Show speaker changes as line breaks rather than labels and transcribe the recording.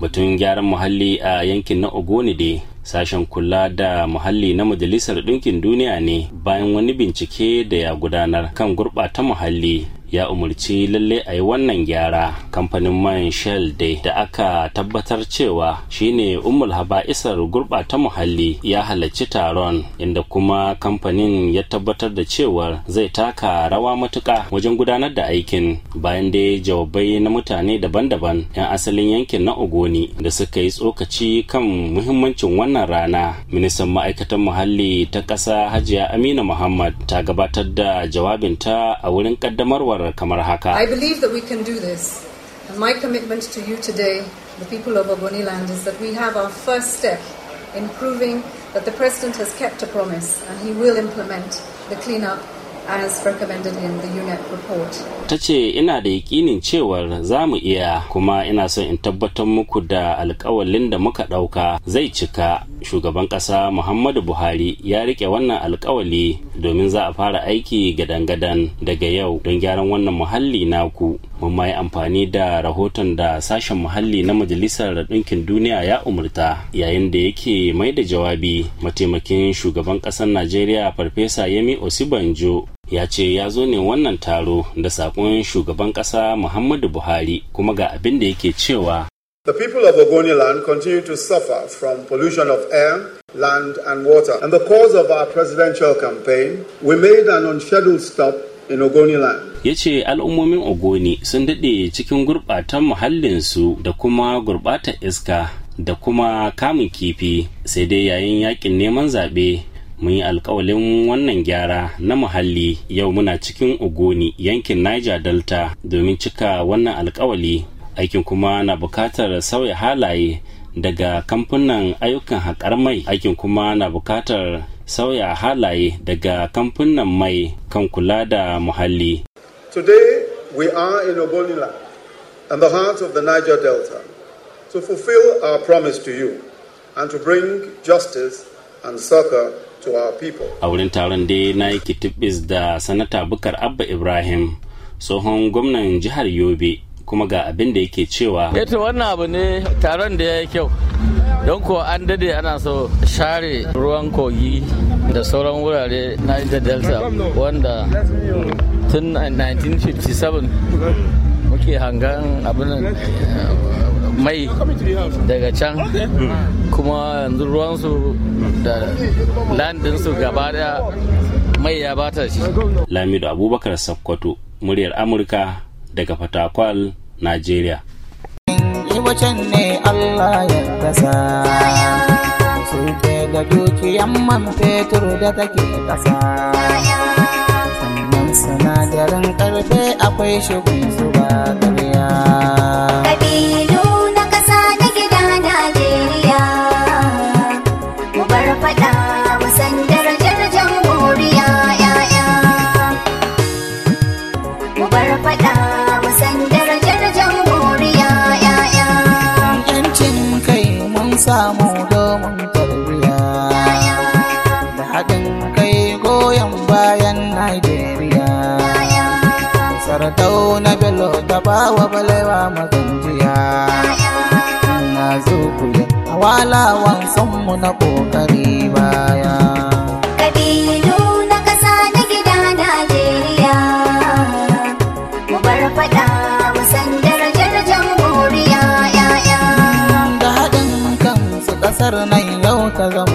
batun gyaran muhalli a yankin na ogonide sashen kula da muhalli na majalisar ɗinkin duniya ne bayan wani bincike da ya gudanar kan gurɓata muhalli ya umarci lalle a yi wannan gyara kamfanin man shell dai da aka tabbatar cewa shine umul haba'isar gurɓata muhalli ya halarci taron inda kuma kamfanin ya tabbatar da cewar zai taka rawa matuƙa wajen gudanar da aikin bayan dai jawabai na mutane daban-daban 'yan asalin yankin na ogoni da suka yi tsokaci kan muhimmancin wannan rana ministan ma'aikatan muhalli ta ƙasa hajiya amina muhammad ta gabatar da jawabinta a wurin ƙaddamarwa sanarwar kamar haka. I believe that we can do this. And my commitment to you today, the people of Ogoniland, is that we have our first step in proving that the President has kept a promise and he will implement the cleanup as recommended in the UNEP report. Ta ce ina da yakinin cewar za mu iya kuma ina son in tabbatar muku da alkawalin da muka ɗauka zai cika shugaban ƙasa muhammadu buhari ya rike wannan alkawali domin za a fara aiki gadan-gadan daga yau don gyaran wannan muhalli naku mun ma yi amfani da rahoton da sashen muhalli na majalisar ɗinkin duniya ya umurta yayin da yake mai da jawabi mataimakin shugaban ƙasar najeriya farfesa yemi osibanjo ya ce ya zo ne wannan taro da saƙon shugaban ƙasa muhammadu buhari kuma ga abin da yake cewa The people of Ogoniland continue to suffer from pollution of air, land, and water. And the cause of our presidential campaign, we made an unscheduled stop in Ogoniland. ya ce al'ummomin ogoni sun daɗe cikin gurɓatan muhallinsu da kuma gurɓatar iska da kuma kamun kifi sai dai yayin yakin neman zaɓe mun yi alkawalin wannan gyara na muhalli yau muna cikin ogoni yankin niger delta domin cika wannan alkawali aikin kuma na bukatar sauya halaye daga kamfunan ayyukan haƙar mai aikin kuma na bukatar sauya halaye daga kamfunan mai kan kula da muhalli today we are in obonila and the heart of the niger delta to fulfill our promise to you and to bring justice and succor to our people a wurin taron dai na yi kitibis da sanata bukar abba ibrahim tsohon gwamnan jihar yobe kuma ga abin da yake cewa eto eh wannan abu ne taron da ya yi kyau don kuwa an dade ana so share ruwan kogi da sauran wurare na ita delta wanda tun 1957 muke hangen abin eh, mai daga can kuma yanzu ruwansu da landinsu gaba da mai ya bata shi lamido abubakar sakkwato muryar amurka daga fatakwal najeriya Yiwacin ne Allah ya kasa, suke da dukiyan man fetur da take kasa. Sannan sinadarin karfe akwai shigun zuba ƙarya. kai mun samu domin tarbiya da haɗin kai goyon bayan Najeriya. Sartau na Bello ta bawa balewa maganjiya. Na zo kuya, walawan sanmu na ƙoƙari baya. Da haɗin ƙasar nan yau ta zama